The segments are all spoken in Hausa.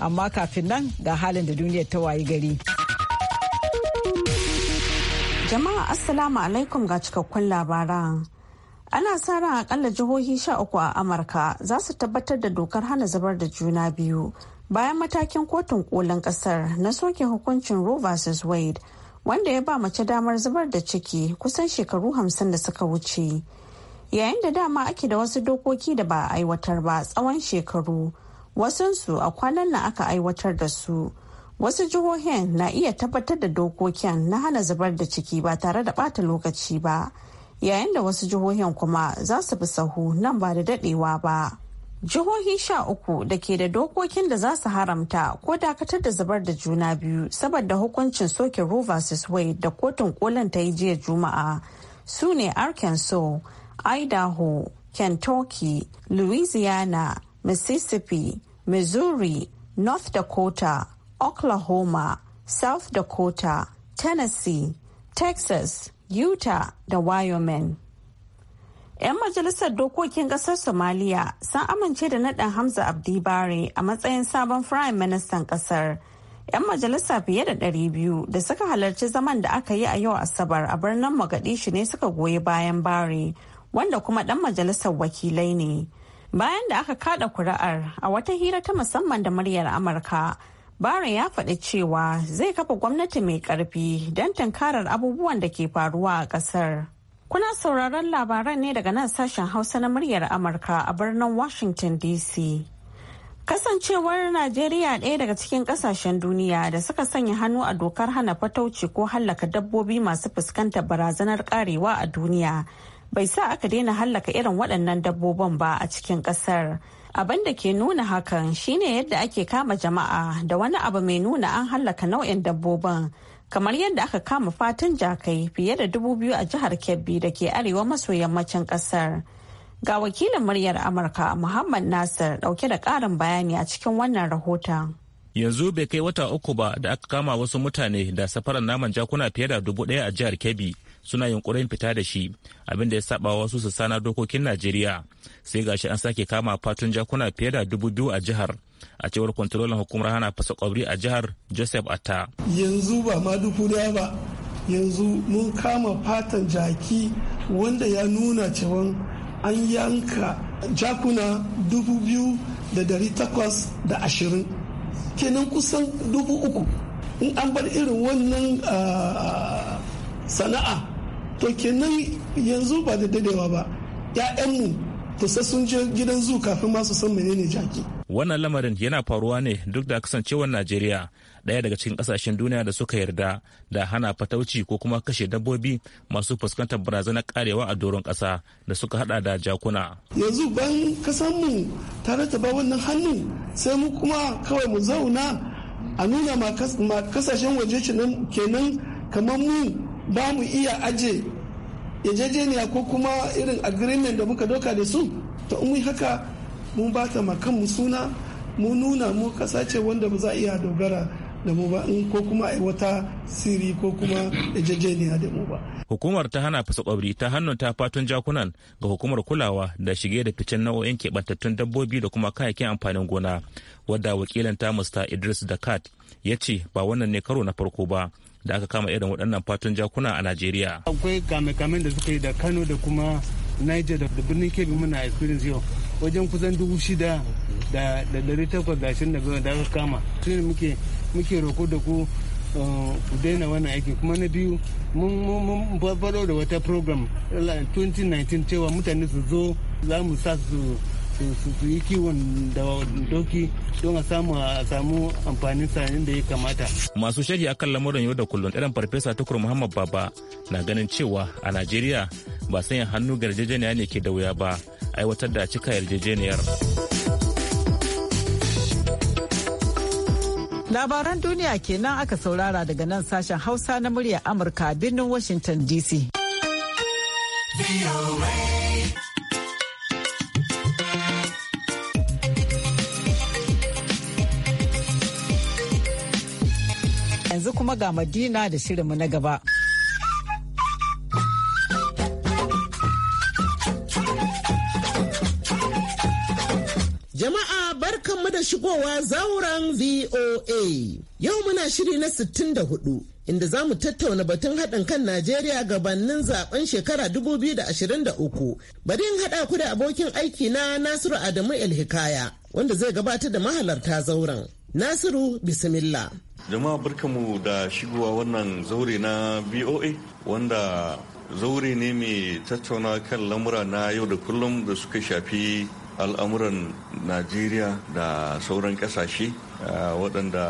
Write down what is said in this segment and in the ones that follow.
amma kafin nan ga halin da duniyar ta wayi gari. Jama'a Assalamu alaikum ga cikakkun labaran. Ana sa ran akalla jihohi sha uku a Amurka za su tabbatar da dokar hana zubar da juna biyu bayan matakin kotun kolin kasar na soke hukuncin Roe vs. Wade wanda ya ba mace damar zubar da ciki kusan shekaru hamsin da suka wuce. Yayin da dama ake da wasu dokoki da ba a aiwatar ba tsawon shekaru. wasunsu a kwanan na aka aiwatar da su wasu jihohin na iya tabbatar da dokokin na hana zubar da ciki ba tare da bata lokaci ba yayin da wasu jihohin kuma za su bi sahu nan ba da dadewa ba jihohi sha uku da ke da dokokin da za su haramta ko dakatar da zubar da juna biyu saboda hukuncin soke roe vs wade da kotun kolin ta yi jiya juma'a su ne arkansas idaho kentucky louisiana mississippi missouri north dakota oklahoma south dakota tennessee texas utah da wyoming 'Yan majalisar dokokin kasar Somaliya sun amince da naɗin Hamza Abdibare a matsayin sabon Firayim Ministan kasar. 'Yan majalisa fiye da ɗari biyu da suka halarci zaman da aka yi a yau Asabar a birnin Magadishi ne suka goyi bayan Bare, wanda kuma ɗan majalisar wakilai ne. Bayan da aka kada kuri'ar a wata hira ta musamman da muryar Amurka, barin ya faɗi cewa zai kafa gwamnati mai ƙarfi don tankarar abubuwan da ke faruwa a ƙasar. Kuna sauraron labaran ne daga nan sashen Hausa na muryar Amurka a birnin Washington DC. Kasancewar Najeriya ɗaya daga cikin ƙasashen duniya da suka sanya hannu a dokar hana fatauci ko hallaka dabbobi masu fuskantar barazanar ƙarewa a duniya bai sa aka daina hallaka irin waɗannan dabbobin ba a cikin ƙasar. Abin da ke nuna hakan shine yadda ake kama jama'a da wani abu mai nuna an hallaka nau'in dabbobin kamar yadda aka kama fatan jakai fiye da dubu biyu a jihar Kebbi da ke arewa maso yammacin ƙasar. Ga wakilin muryar Amurka Muhammad Nasir ɗauke da ƙarin bayani a cikin wannan rahoton. yanzu bai kai wata uku ba da aka kama wasu mutane da safarar naman jakuna fiye da dubu ɗaya a jihar kebbi suna yunkurin fita da shi abinda ya saba wasu su sana dokokin najeriya sai gashi an sake kama fatun jakuna fiye da dubu biyu a jihar a cewar kwantarolin hukumar hana fasa kwabri a jihar joseph atta yanzu ba ma dubu daya ba yanzu mun kama fatan jaki wanda ya nuna cewa an yanka jakuna dubu biyu da dari takwas da ashirin kenan kusan dubu uku in an bar irin wannan ah, ah, sana'a to kenan yanzu ba da dadewa ba 'ya'yanmu ta sun je gidan zu kafin masu san menene jaki wannan lamarin yana faruwa ne duk da kasancewar najeriya daya daga cikin kasashen duniya da suka yarda da hana fatauci ko kuma kashe dabbobi masu fuskantar barazanar karewa a doron kasa da suka hada da jakuna yanzu ban kasanmu tare ta ba wannan hannu sai mu kuma kawai mu zauna a nuna ma kasashen waje kenan kamar mu ba mu iya aje yajejeniya ko kuma irin agreement da muka doka da su ta umu haka mun ba ta makan mu suna mu nuna mu kasa ce wanda ba za iya dogara da mu ba in ko kuma a wata siri ko kuma yajejeniya da mu ba. Hukumar ta hana fasa kwabri ta ta fatun jakunan ga hukumar kulawa da shige da ficen nau'o'in keɓantattun dabbobi da kuma kayayyakin amfanin gona wadda wakilanta musta idris Idris kat ya ce ba wannan ne karo na farko ba da aka kama irin waɗannan fatun jakuna a najeriya akwai kame-kamen da suka yi da kano da kuma niger da birnin kebbi muna experience yau wajen kusan dubu shida da dari takwas da ashirin da biyu da aka kama su ne muke muke roko da ku uh, ku daina wannan aiki kuma na biyu mun faɗo da wata program 2019 cewa mutane su zo za mu sa su su yi kiwon da doki don a samu a samu amfanin sanin da ya kamata. Masu sharhi akan lamuran yau da kullum irin farfesa tukur Muhammad Baba na ganin cewa a Najeriya ba sanya hannu ga yarjejeniya ne ke da wuya ba aiwatar da cika yarjejeniyar. Labaran duniya kenan aka saurara daga nan sashen Hausa na muryar Amurka birnin Washington DC. yanzu kuma ga Madina da shirinmu na gaba. Jama'a barkanmu da shigowa zauren VOA. Yau muna shiri na 64 inda za mu tattauna batun haɗin kan Najeriya gabanin zaɓen shekara 2023. Bari in haɗa ku da abokin aiki na Nasiru Adamu El wanda zai gabatar da mahalarta zauren. Nasiru Bismillah. jama'a barkamu da shigowa wannan zaure na boa wanda zaure ne mai tattauna kan lamura na yau da kullum da suka shafi al'amuran najeriya da sauran kasashe ah, waɗanda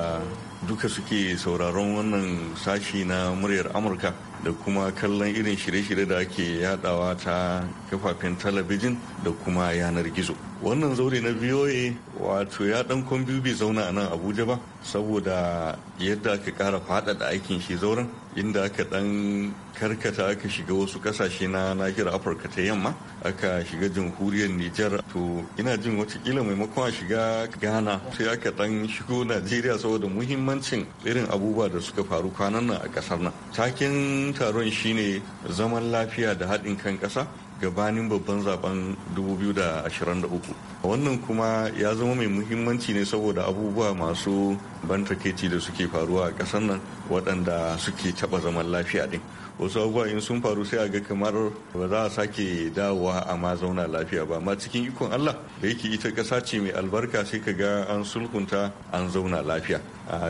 duka suke sauraron wannan sashi na muryar amurka da kuma kallon irin shirye-shirye da ake yadawa ta kafafen talabijin da kuma yanar gizo wannan zaure na voa wato ya dan kwambi bai zauna a nan abuja ba saboda yadda aka kara faɗaɗa aikin shi zauren inda aka dan karkata aka shiga wasu kasashe na nahiyar afirka ta yamma aka shiga jamhuriyar nijar to ina jin watakila maimakon a shiga ghana sai aka dan shigo najeriya saboda muhimmancin irin abubuwa da suka faru kwanan nan a kasar nan taken taron shine zaman lafiya da haɗin kan ƙasa gabanin babban zaben 2023 wannan kuma ya zama mai muhimmanci ne saboda abubuwa masu ban takeici da suke faruwa a ƙasar nan waɗanda suke taɓa zaman lafiya ɗin wasu abubuwa in sun faru sai a ga kamar ba za a sake dawowa a ma zauna lafiya ba amma cikin ikon allah da yake ita ƙasa ce mai albarka sai ka ga an sulhunta an zauna lafiya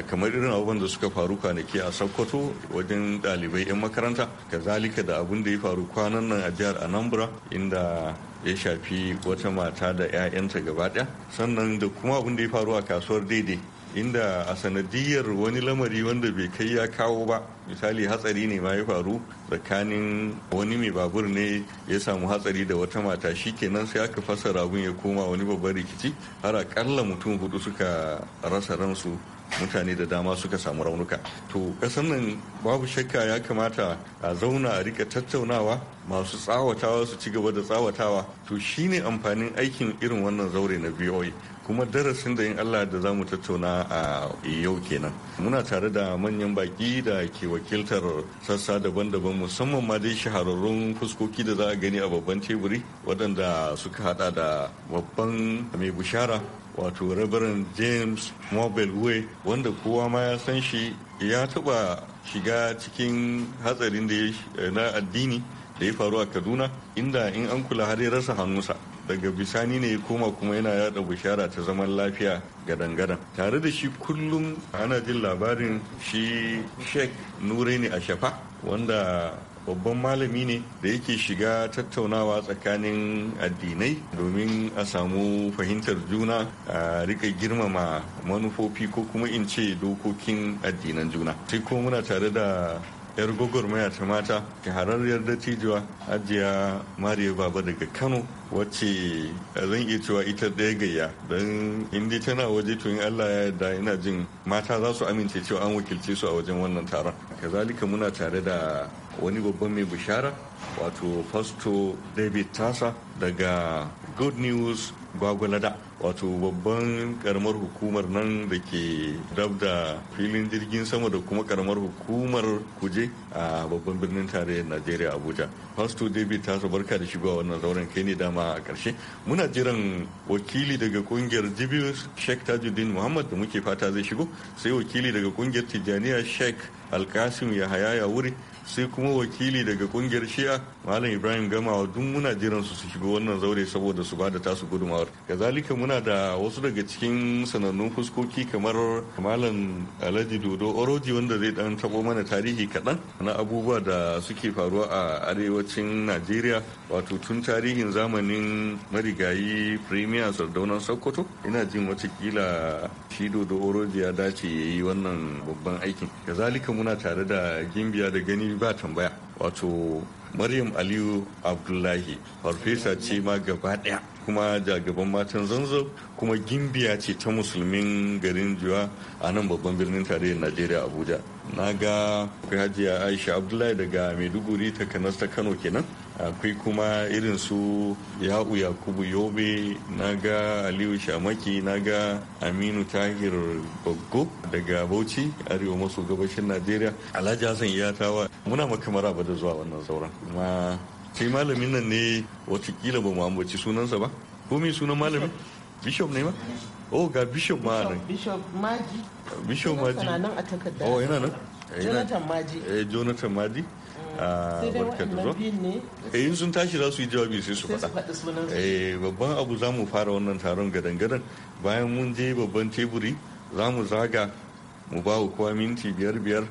kamar irin abubuwan da suka faru kwanaki a sokoto wajen ɗalibai 'yan makaranta kazalika da abin da ya faru kwanan nan a jihar anambra inda ya shafi wata mata da 'ya'yanta gaba ɗaya sannan da kuma abin da ya faru a kasuwar daidai inda a sanadiyar wani lamari wanda bai kai ya kawo ba misali hatsari ne ma ya faru tsakanin wani mai babur ne ya samu hatsari da wata mata shi kenan sai aka fasa abun ya koma wani babban rikici har akalla mutum hudu suka rasa ransu mutane da dama suka samu raunuka to kasan nan babu shakka ya kamata a zauna a rika tattaunawa masu tsawatawa su ci gaba da tsawatawa to shine amfanin aikin irin wannan zaure na voa kuma darasin da in allah da za mu tattauna a yau kenan muna tare da manyan baki da ke wakiltar sassa daban-daban musamman ma dai shahararrun fuskoki da za a gani a babban teburi waɗanda suka hada da babban mai bushara wato Reverend James Mobile Way wanda kowa ma ya san shi ya taɓa shiga cikin hatsarin da ya eh, na addini da ya faru a Kaduna inda in an kula har ya rasa hannunsa daga bisani ne ya koma kuma yana yada bishara ta zaman lafiya gadan-gadan tare da shi kullum ana jin labarin shi sheikh nure ne a shafa wanda babban malami ne da yake shiga tattaunawa tsakanin addinai domin a samu fahimtar juna a rika girmama manufofi ko kuma in ce dokokin addinan juna sai ko muna tare da yar gwagwarmaya ta mata shahararriyar dattijuwa ajiya mariya baba daga kano wacce zan iya cewa ita ɗaya gayya don inda tana waje to in allah ya yarda ina jin mata za su amince cewa an wakilce su a wajen wannan taron kazalika muna tare da wani babban mai bishara wato fasto david tasa daga good news gwagwalada wato babban karamar hukumar nan da ke dab da filin jirgin sama da kuma karamar hukumar kuje a babban birnin tarayyar najeriya abuja pasto david ta barka da shigowa wannan zauren kai ne dama a karshe muna jiran wakili daga kungiyar jibius sheikh tajuddin muhammad da muke fata zai shigo sai wakili daga kungiyar tijjaniya sheikh alkasim yahaya wuri sai kuma wakili daga kungiyar shi'a malam ibrahim gamawa duk muna jiran su su shigo wannan zaure saboda su bada tasu gudumawar kazalika muna muna da wasu daga cikin sanannun fuskoki kamar malam alhaji dodo oroji wanda zai dan tabo mana tarihi kaɗan na abubuwa da suke faruwa a arewacin najeriya wato tun tarihin zamanin marigayi premier sardaunan sokoto ina jin watakila shi dodo oroji ya dace ya yi wannan babban aikin kazalika muna tare da gimbiya da gani ba tambaya wato maryam aliyu abdullahi farfesa ce ma gaba daya kuma jagaban matan zanzo kuma gimbiya ce ta musulmin garin juwa a nan babban birnin tarayyar najeriya abuja na ga hajiya aisha abdullahi daga maiduguri ta kanas ta kano kenan akwai kuma irin su ya'u yakubu yobe na ga aliyu shamaki na ga aminu tahir baggo daga bauchi arewa maso gabashin najeriya alhaji hassan ya tawa muna makamara ba da zuwa wannan sauran kuma sai malamin nan ne watakila ba mu ambaci sunansa ba ko me sunan malamin bishop ne ma oh ga bishop ma nan bishop maji bishop maji nan a takarda oh yana nan jonathan maji eh jonathan maji mm. a ah, dai waɗannan biyun ne eh, sun tashi za su yi jawabi sai su faɗa eh babban abu za mu fara wannan taron gadan-gadan bayan mun je babban teburi za mu zaga mu ba kowa minti biyar biyar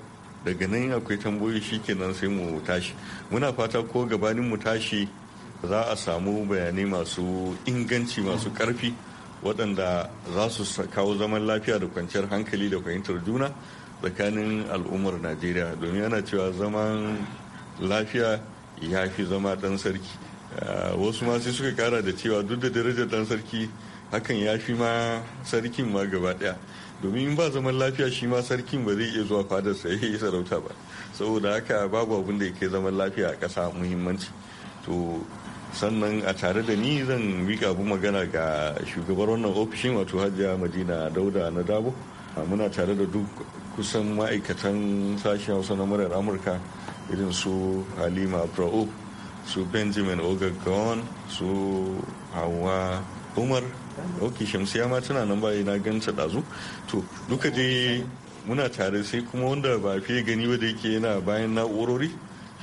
daga nan akwai tambayoyi shikenan sai mu tashi muna fata ko gabanin mu tashi za a samu bayanai masu inganci masu karfi waɗanda za su kawo zaman lafiya da kwanciyar hankali da fahimtar juna tsakanin al'ummar najeriya domin ana cewa zaman lafiya ya fi zama ɗan sarki ah, wasu masu suka kara da cewa duk da darajar ɗan sarki hakan ya fi ma sarkin ma gaba daya domin ba zaman lafiya shi ma sarkin ba zai iya zuwa fadarsa ya yi sarauta ba saboda haka babu abin da yake zaman lafiya a ƙasa muhimmanci to sannan a tare da ni zan mika abu magana ga shugabar wannan ofishin wato hajiya madina dauda na dabo muna tare da duk kusan ma'aikatan sashen hausa na murar amurka irin su halima abdu'o su benjamin ogagon su hawa umar ok shamsiya ma tana nan bayi na ganta ɗazu to duka dai muna tare sai kuma wanda ba fiye gani ba da yake yana bayan na'urori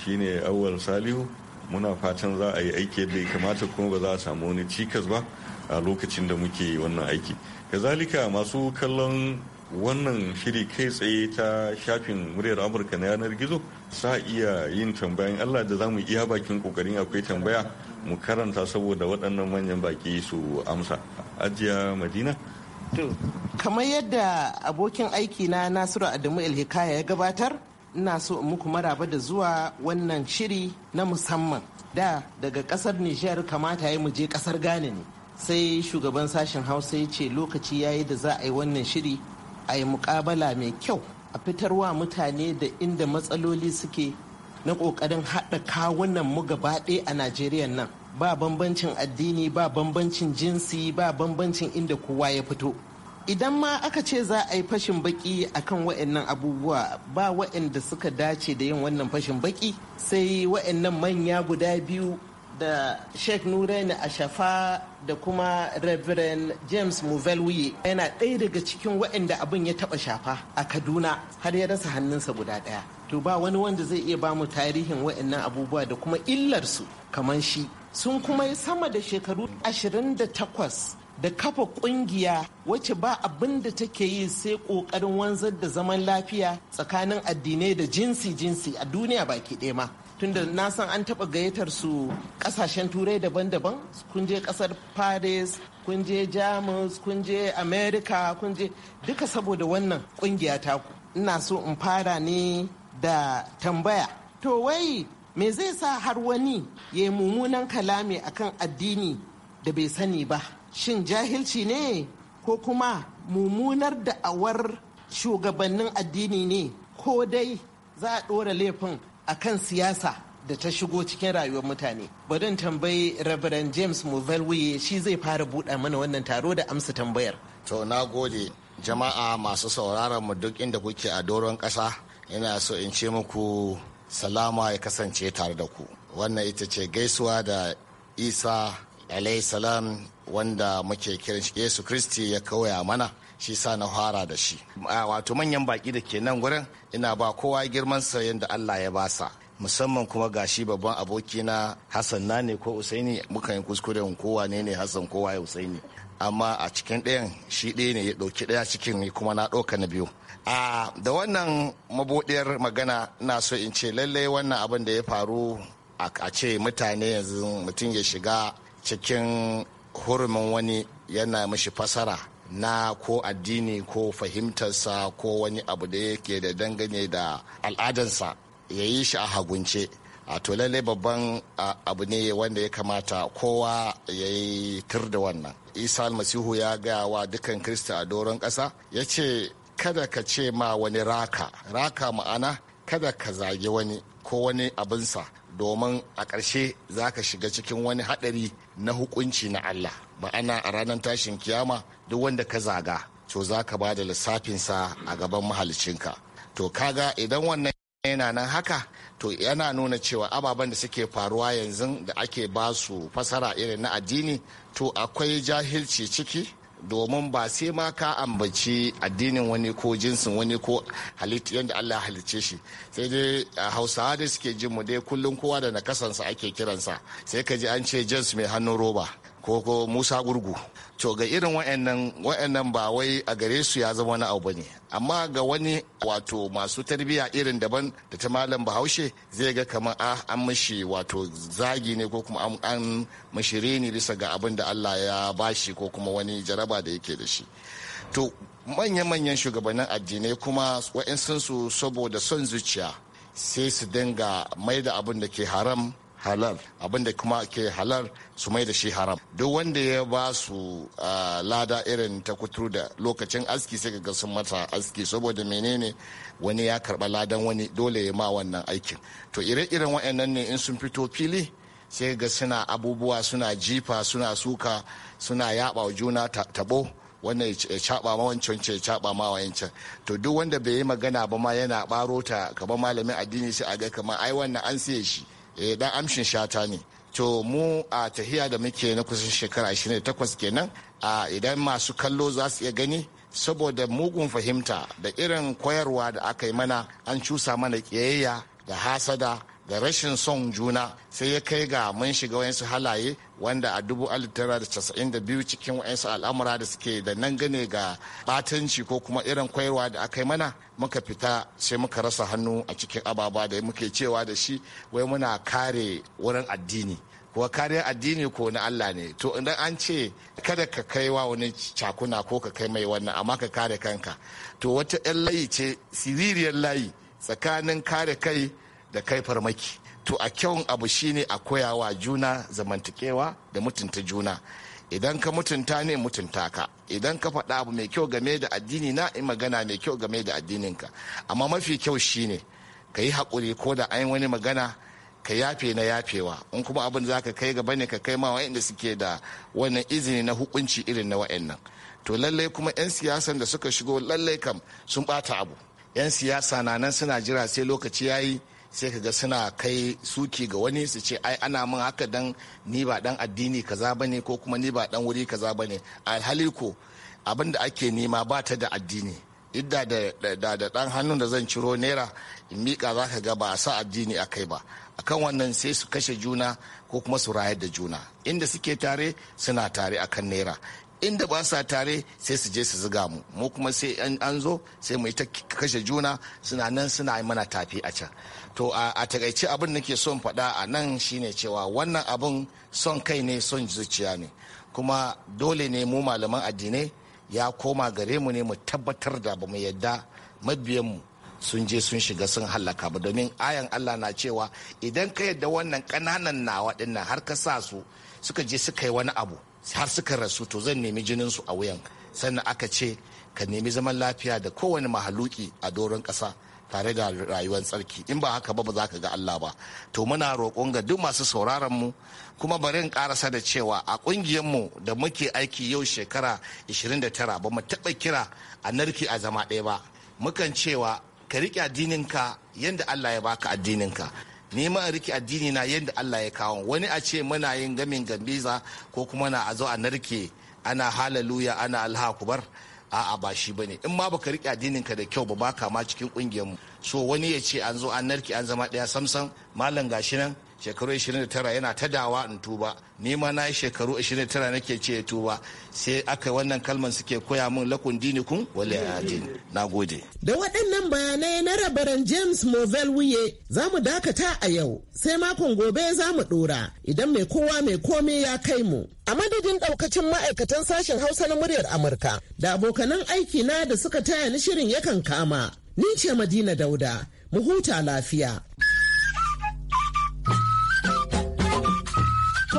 shine awwal salihu muna fatan za a yi aiki yadda ya kamata kuma ba za a samu wani cikas ba a lokacin da muke wannan aiki kazalika masu kallon wannan shiri kai tsaye ta shafin muryar amurka na yanar gizo sa iya yin tambayan allah da za mu iya bakin kokarin akwai tambaya mu karanta saboda waɗannan manyan baki su amsa ajiya madina kamar yadda abokin aiki na nasiru adamu ilhikaya ya gabatar ina so in muku maraba da zuwa wannan shiri na musamman da daga kasar nijar kamata ya je kasar ghana ne sai shugaban sashen hausa ya ce lokaci ya yi da za a yi wannan shiri a yi mukabala mai kyau a fitarwa mutane da inda matsaloli suke na ƙoƙarin haɗa kawunan mu gaba ɗaya a najeriya nan ba bambancin addini ba bambancin jinsi ba bambancin inda kowa ya fito idan ma aka ce za a yi fashin baki akan wa'annan abubuwa ba wa'anda suka dace da yin wannan fashin baki sai wa'annan manya guda biyu da sheikh nureni ashafa da kuma reverend james muvelwi yana ɗaya daga cikin waɗanda abin ya taɓa shafa a kaduna har ya rasa hannunsa guda ɗaya to ba wani wanda zai iya bamu tarihin waɗannan abubuwa da kuma illarsu kamar shi sun kuma yi sama da shekaru 28 da kafa ƙungiya. wacce ba abin da take yi sai ƙoƙarin wanzar da zaman lafiya tsakanin addinai da jinsi-jinsi a duniya baki ɗaya ma tunda na san an taba gayyatar su ƙasashen turai daban-daban kun je ƙasar paris kun je jamus kun je america kun je duka saboda wannan ƙungiya taku ina so in fara ne da tambaya to wai me zai sa har wani ya yi mummunan kalami akan addini da bai sani ba shin jahilci ne ko kuma mummunar da awar shugabannin addini ne ko dai za a ɗora laifin akan siyasa da ta shigo cikin rayuwar mutane. Barin tambayi Reverend James muvelwe shi zai fara buɗa mana wannan taro da amsa tambayar. To na gode jama'a masu sauraron mu duk inda kuke a doron ƙasa ina so in ce muku salama ya kasance tare da ku. Wannan ita ce gaisuwa da Isa salam wanda muke kiran shi Yesu Kristi ya kawaya mana shi sa na fara da shi wato manyan baki da ke nan gurin ina ba kowa girman sayan da Allah ya basa musamman kuma ga shi babban abokina Hassan na ne ko Usaini muka yi kuskuren kowa ne ne Hassan kowa ya Usaini amma a cikin ɗayan shi ɗaya ne ya ɗauki ɗaya cikin ni kuma na ɗauka na biyu a da wannan mabuɗiyar magana na so in ce lallai wannan abin da ya faru a ce mutane yanzu mutum ya shiga cikin hurumin wani yana mishi fasara na ko addini ko fahimtarsa ko wani abu da yake da dangane da al'adansa ya yi shi a hagunce a to lallai babban abu ne wanda ya kamata kowa ya yi tur da wannan isa almasihu ya gaya wa dukkan krista a doron ƙasa ya ce kada ka ce ma wani raka raka ma'ana kada ka zage wani ko wani abinsa domin a ƙarshe za ka shiga cikin wani haɗari na hukunci na allah ma'ana a ranar tashin kiyama duk wanda ka zaga to za ka ba da lissafinsa a gaban mahalicinka to kaga idan wannan yana nan haka to yana nuna cewa ababen da suke faruwa yanzu da ake ba su fasara irin na addini to akwai jahilci ciki domin ba sai ma ka ambaci addinin wani ko jinsin wani ko halittu yadda Allah halicce shi sai dai hausawa da suke jin mu dai kullum kowa da na kasansa ake kiransa sai ka ji an ce jins mai hannun roba ko ko musa gurgu to ga irin wa'annan wa'annan ba wai a gare su ya zama wani abu ne amma ga wani wato masu tarbiyya irin daban da ta malam bahaushe zai ga kamar a ah, an mishi wato zagi ne ko kuma an mishi reni bisa ga abin da allah ya bashi ko kuma wani jaraba da yake da shi to manya-manyan shugabannin addinai kuma wa'insunsu saboda son zuciya sai su dinga mai da abin da ke haram halal abinda kuma ke halal su mai da shi haram duk wanda ya ba su lada irin ta kuturu da lokacin aski sai ga sun mata aski saboda menene wani ya karba ladan wani dole ya ma wannan aikin to ire-iren wa'annan ne in sun fito fili sai ga suna abubuwa suna jifa suna suka suna yaba juna tabo wannan ya caba ma wancan ya caba ma wancan to duk wanda bai yi magana ba ma yana baro ta kamar malamin addini sai a ga kamar ai wannan an siye shi Eh dan amshin shata ne to mu a tahiya da muke na kusan shekara 28 kenan a idan masu kallo za su iya gani saboda mugun fahimta da irin koyarwa da aka yi mana an cusa mana kiyayya da hasada da rashin son juna sai ya kai ga mun shiga wayansu halaye wanda a dubu biyu cikin wayansu al'amura da suke da nan gane ga batanci ko kuma irin kwaiwa da aka yi mana muka fita sai muka rasa hannu a cikin ababa da muke cewa da shi wai muna kare wurin addini kuwa kariyar addini ko na Allah ne to idan an ce kada ka kai wa wani cakuna ko ka kai mai wannan amma ka kare kanka to wata 'yan layi ce siririyar layi tsakanin kare kai da kai farmaki to a kyau abu shine a koyawa juna zamantakewa da mutunta juna idan ka mutunta ne mutunta ka idan ka faɗa abu mai kyau game da addini na in magana mai kyau game da addininka amma mafi kyau shine ka yi haƙuri ko da an wani magana ka yafe na yafewa in kuma abin za ka kai gaba ne ka kai ma wa'inda suke da wannan izini na hukunci irin na wa'innan to lallai kuma 'yan siyasan da suka shigo lallai kam sun bata abu 'yan siyasa na nan suna jira sai lokaci ya yi sai ka ga suna kai suki ga wani su ce ai ana min haka dan ni ba dan addini kaza bane ko kuma ni ba dan wuri kaza bane alhali ko abin da ake nema ba ta da addini idda da da dan hannun da zan ciro naira in mika za ka ga ba a sa addini a kai ba akan wannan sai su kashe juna ko kuma su rayar da juna inda suke tare suna tare akan naira inda ba sa tare sai su je su ziga mu mu kuma sai an zo sai mu yi ta kashe juna suna nan suna yi mana tafi a can to a takaice abin ke son faɗa a nan shine cewa wannan abin son kai ne son zuciya ne kuma dole ne mu malaman addinai ya koma gare mu ne mu tabbatar da ba mu yadda mabiyanmu sun je sun shiga sun hallaka ba domin ayan Allah na cewa idan ka yadda wannan kananan na waɗannan har ka sa su suka je suka yi wani abu har suka rasu to zan nemi jinin su a wuyan sannan aka ce ka nemi zaman lafiya da kowane mahaluki a doron ƙasa tare da rayuwar tsarki in ba haka ba ba za ka ga Allah ba to muna roƙon ga duk masu sauraron mu kuma bari in karasa da cewa a ƙungiyar mu da muke aiki yau shekara 29 ba mu taɓa kira a narki a zama ɗaya ba mukan cewa ka riƙe addininka yadda Allah ya baka addininka ni ma riƙe addini na yadda Allah ya kawo wani a ce muna yin gamin gambiza ko kuma na a zo a narke ana halaluya ana alhakubar a'a ba shi bane in ma baka riƙe addininka da kyau ba baka ma cikin kungiyar mu so wani ya ce an zo an narke an zama ɗaya samsam malam gashi nan shekaru 29 yana ta dawa in tuba ni ma na shekaru 29 nake ce tuba sai aka wannan kalman suke koya min lakun kun wale na gode da waɗannan bayanai na rabaran james movell wuye za mu dakata a yau sai makon gobe za mu ɗora idan mai kowa mai kome ya kai mu a madadin ɗaukacin ma'aikatan sashen hausa na muryar amurka da abokanan aiki na da suka taya ni shirin yakan kama ni ce madina dauda mu huta lafiya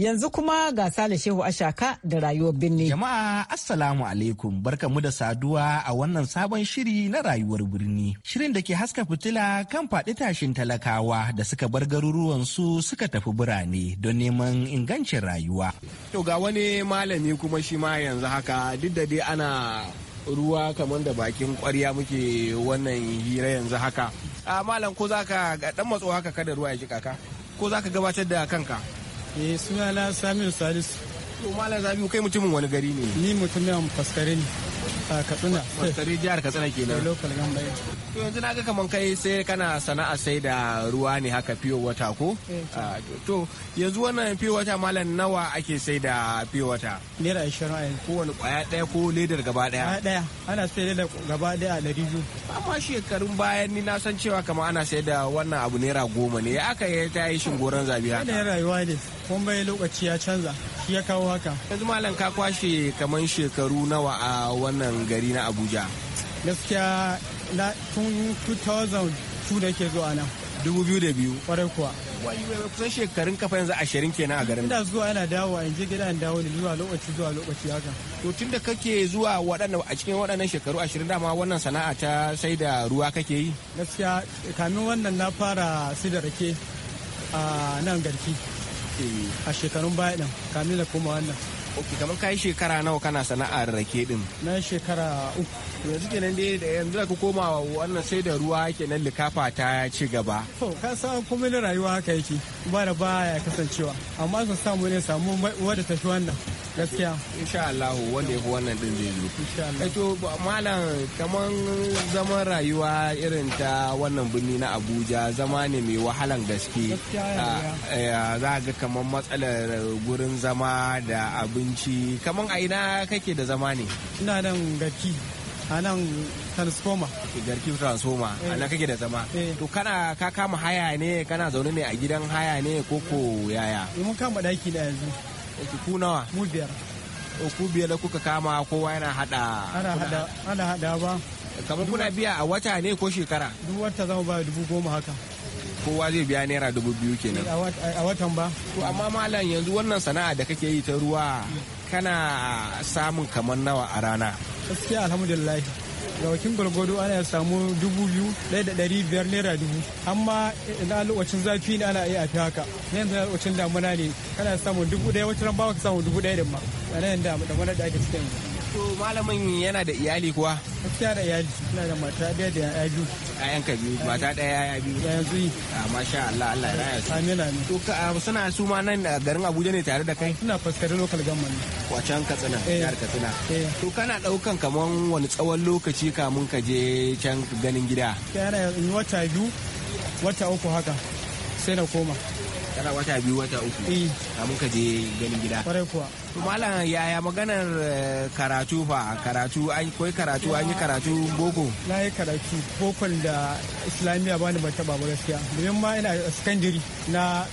Yanzu kuma ga Sale Shehu Ashaka da rayuwar birni. Jama'a Assalamu alaikum barkamu da saduwa a wannan sabon shiri na rayuwar birni. Shirin da ke haska fitila kan faɗi tashin talakawa da suka bar garuruwan su suka tafi birane don neman ingancin rayuwa. To ga wani malami kuma shi ma yanzu haka duk da dai ana ruwa kamar da bakin kwarya muke wannan hira yanzu haka a ah, malam ko zaka ga dan matso haka kada ruwa ya ji kaka ko zaka gabatar da kanka Eh suna na Saminu Salisu. To Malam zabi kai mutumin wani gari ne? Ni mutumin Faskare ne. a Katsina. Faskare jihar Katsina kenan. Eh, local gambai To yanzu naga kaman kai sai kana sana'a sai da ruwa ne haka fiyo wata ko? Eh, ah, to yanzu wannan fiyo wata malam nawa ake sai da fiyo wata? Naira ashirin a yanzu. Kowane kwaya ɗaya ko ledar gaba ɗaya? Kwaya ɗaya. Ana sai ledar gaba ɗaya a ɗari biyu. Amma shekarun bayan ni na san cewa kamar ana sai da wannan abu naira goma ne. Ya aka yi ta yi shingoron zabi haka. Yanayin rayuwa ne. komai lokaci ya canza shi ya kawo haka yanzu malam ka kwashe kamar shekaru nawa a wannan gari na abuja gaskiya na tun 2002 da ke zuwa nan 2002 kwarai kuwa kusan shekarun kafa yanzu ashirin kenan a garin ina zuwa yana dawowa in je gida in dawo ne zuwa lokaci zuwa lokaci haka to tun da kake zuwa waɗanda a cikin waɗannan shekaru ashirin dama wannan sana'a ta sai da ruwa kake yi gaskiya kamin wannan na fara sai da rake a nan garki a shekarun baya din kamin da koma wannan ok kamar yi shekara nawa kana sana'ar rake din na shekara uku yanzu kenan dai da yanzu da ka koma wannan sai da ruwa kenan likafa ta ci gaba to ka san kuma na rayuwa haka yake ba da baya kasancewa amma su samu ne samu wadda tafi wannan gaskiya insha Allah wanda ya fi wannan din zai zo insha Allah to malam kaman zaman rayuwa irin ta wannan birni na Abuja zama ne mai wahalan gaske ah, eh, za ga kaman matsalar gurin zama da abu abinci kaman a ina kake da zama ne ina nan garki a nan transformer garki transformer a nan kake da zama eh. to kana ka kama haya ne kana zaune ne a gidan haya ne ko ko yaya eh, mun kama daki da yanzu ku nawa mu biyar ku biyar da kuka kama kowa yana hada ana hada ba kamar kuna biya a wata ne ko shekara duk wata zama ba dubu goma haka kowa zai biya naira dubu biyu kenan a watan ba to amma malam yanzu wannan sana'a da kake yi ta ruwa kana samun kamar nawa a rana gaskiya alhamdulillah ga wakin gwalgwado ana ya samu dubu biyu ɗaya da ɗari biyar naira dubu amma na lokacin zafi ne ana iya a fi haka yanzu na lokacin damuna ne kana samun dubu ɗaya wata ran ba ka samun dubu ɗaya da ma a nan da damuna da ake cikin yanzu To malamin yana da iyali kuwa? Gaskiya da iyali, ina da mata ɗaya da ya biyu. Ayan ka biyu, mata ɗaya ya biyu. Ƴaƴan zuyi. A ah, masha Allah, Allah ya raya su. Amin amin. To ka ah, suna su ma nan ah, garin Abuja ne tare da kai? Ina fuskar local government. Wacan Katsina, eh. jihar Katsina. Eh. To kana ɗaukan kaman wani tsawon lokaci kamun ka je can ganin gida? Yana wata biyu, wata uku haka, sai na koma. kana wata biyu wata uku kamun ka je ganin gida kwarai to malam yaya maganar karatu fa karatu an koyi karatu an yi karatu boko na yi karatu boko da islamiyya ba ni ban taba ba gaskiya domin ma ina secondary na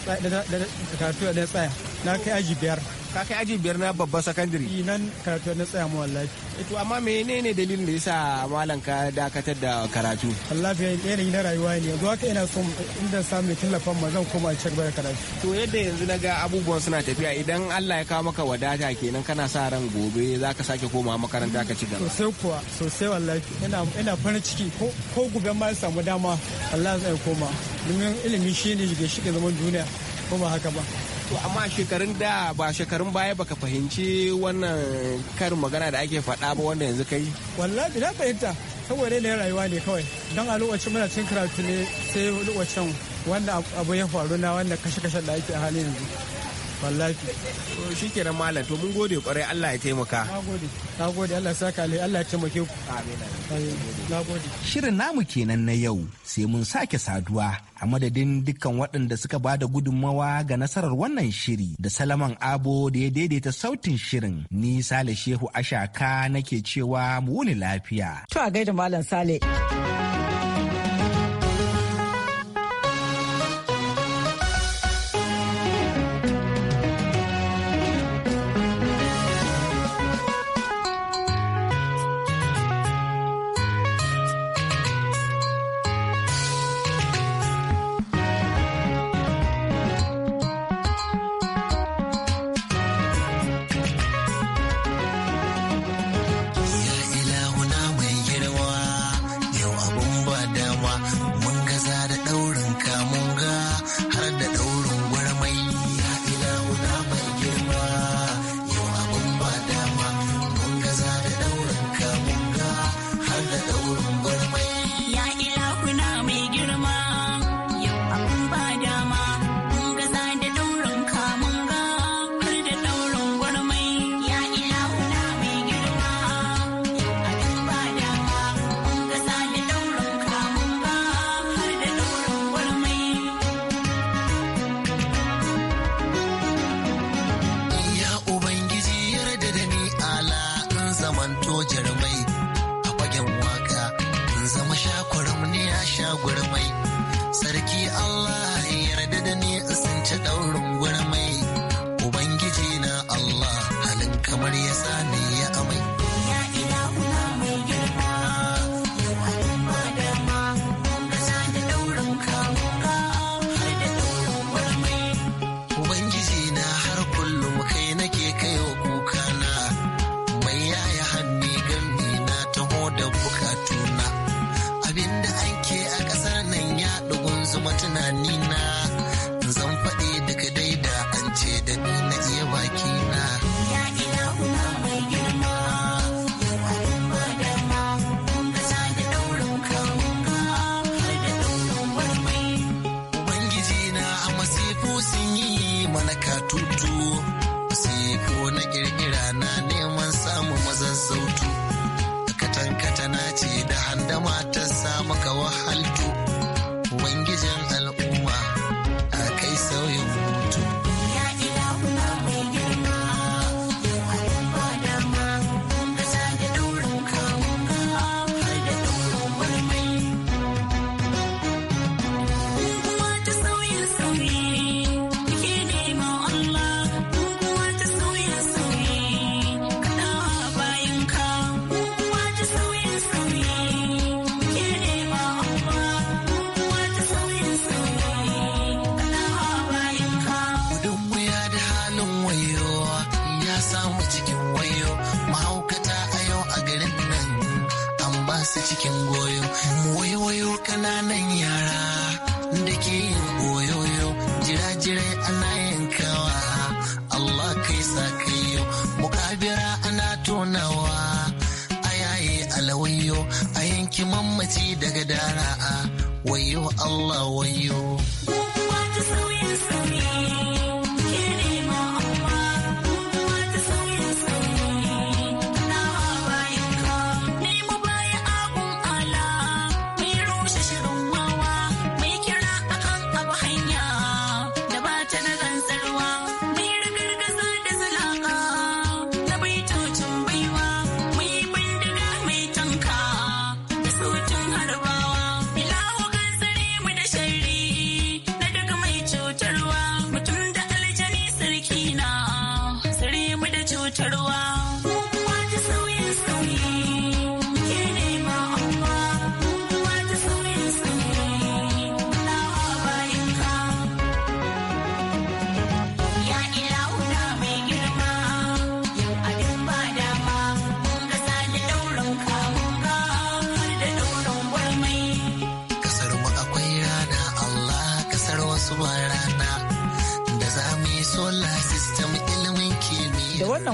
karatu da tsaya na kai aji biyar ka kai aji biyar na babban sakandare eh, nan karatu na tsaya mu wallahi eh, to amma menene dalilin da yasa malam ka dakatar da karatu wallahi yanayi na rayuwa ne yanzu haka ina son inda samu tallafin ma zan koma cek da karatu to yadda yanzu na ga abubuwan suna tafiya idan Allah ya kawo maka wadata kenan kana sa ran gobe za ka sake koma makaranta ka ci gaba sosai kuwa sosai wallahi ina ina farin ciki ko ko gobe ma samu dama Allah zai koma domin ilimi shine shige shige zaman duniya ko ba haka ba to amma shekarun da ba shekarun baya baka fahimci wannan karin magana da ake faɗa ba wanda yanzu kai wallahi na fahimta saboda ne rayuwa ne kawai don a lokacin muna cin karatu ne sai lokacin wanda abu ya faru na wanda kashe-kashen da ake a halin yanzu wallahi to shikenan malam to mun gode kwarai Allah ya taimaka na gode Allah ya saka alheri Allah ya taimake ku amin gode shirin namu kenan na yau sai mun sake saduwa a madadin dukkan waɗanda suka ba da gudunmawa ga nasarar wannan shiri da salaman abo da ya daidaita sautin shirin ni sale shehu ashaka nake cewa mu wuni lafiya to a gaida malam sale 多些人为。mana katutu take oyoyo jira-jirai ana yankawa Allah kai sa kai mukabira ana tonawa a yaye alawayo a yanki mammaci daga dara'a wayo Allah wayo